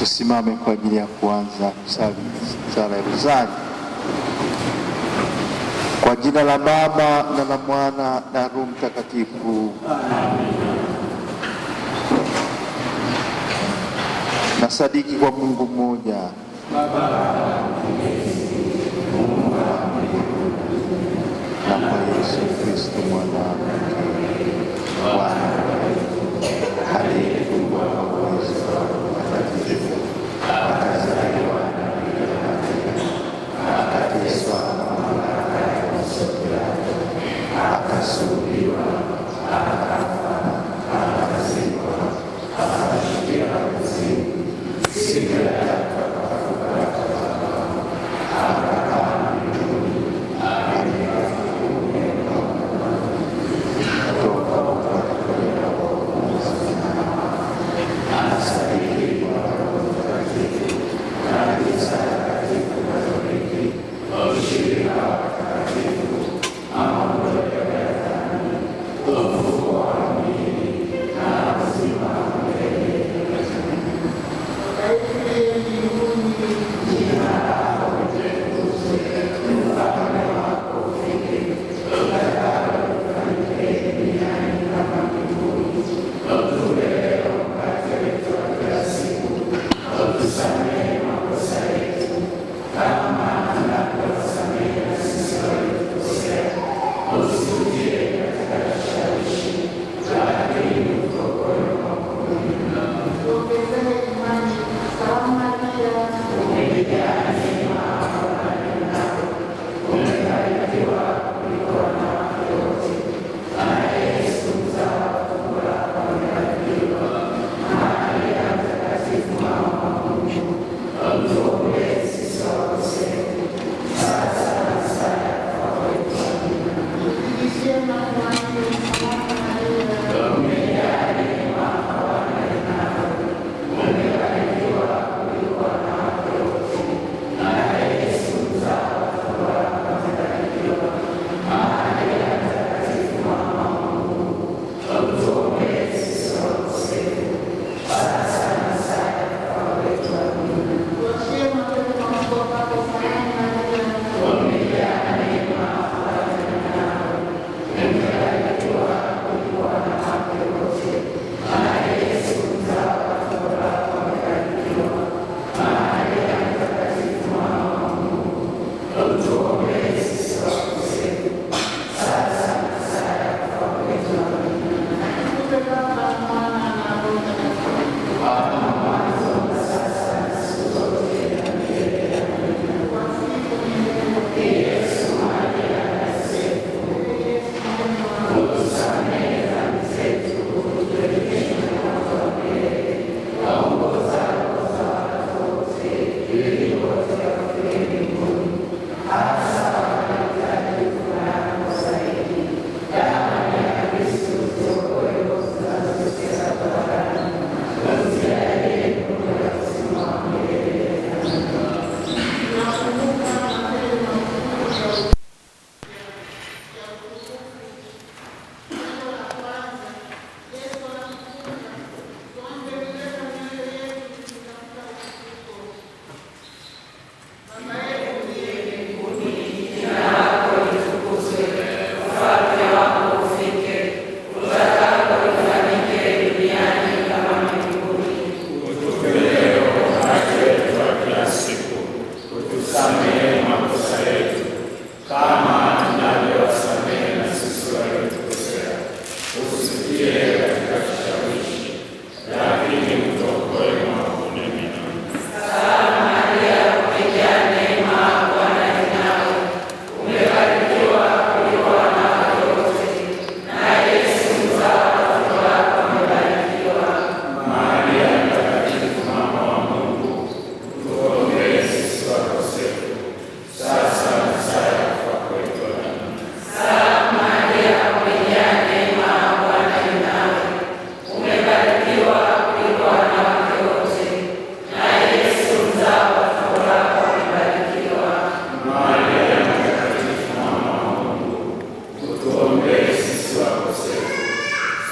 Tusimame kwa ajili ya kuanza kusali sala ya Rozari. Kwa jina la Baba na la Mwana na Roho Mtakatifu, Amen. Nasadiki kwa Mungu mmoja Baba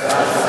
Yes.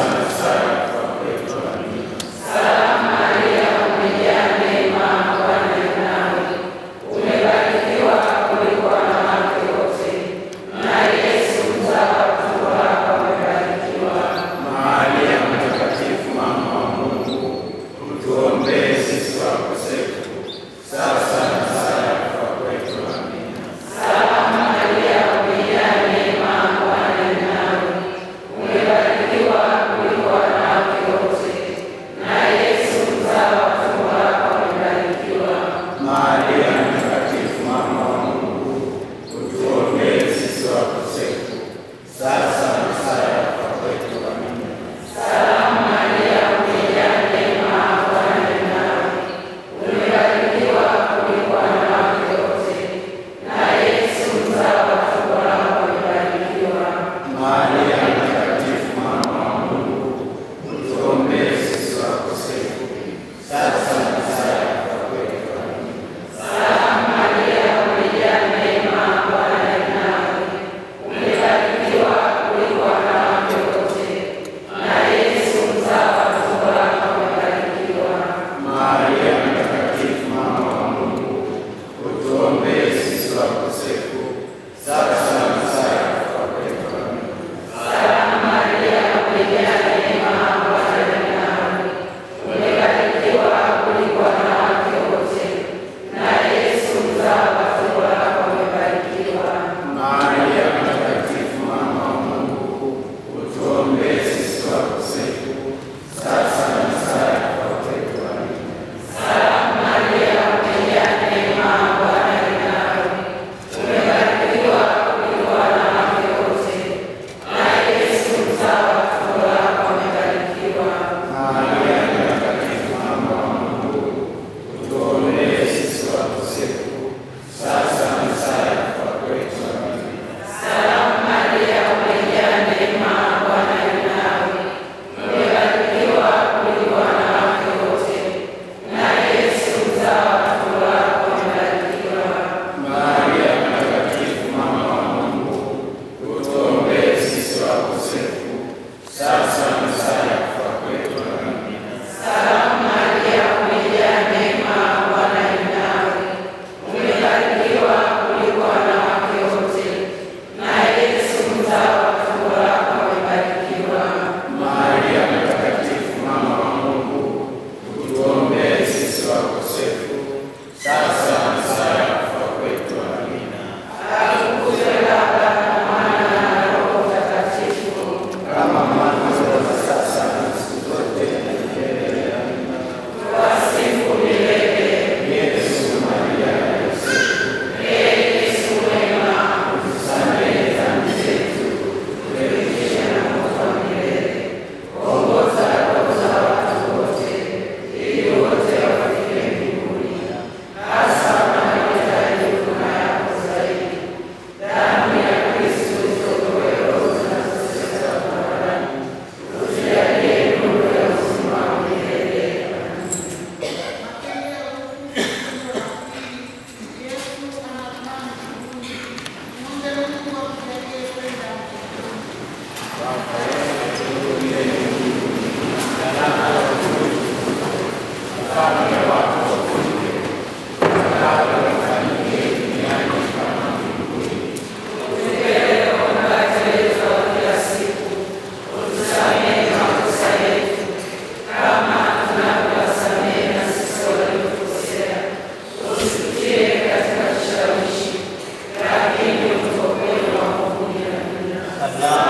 Amen.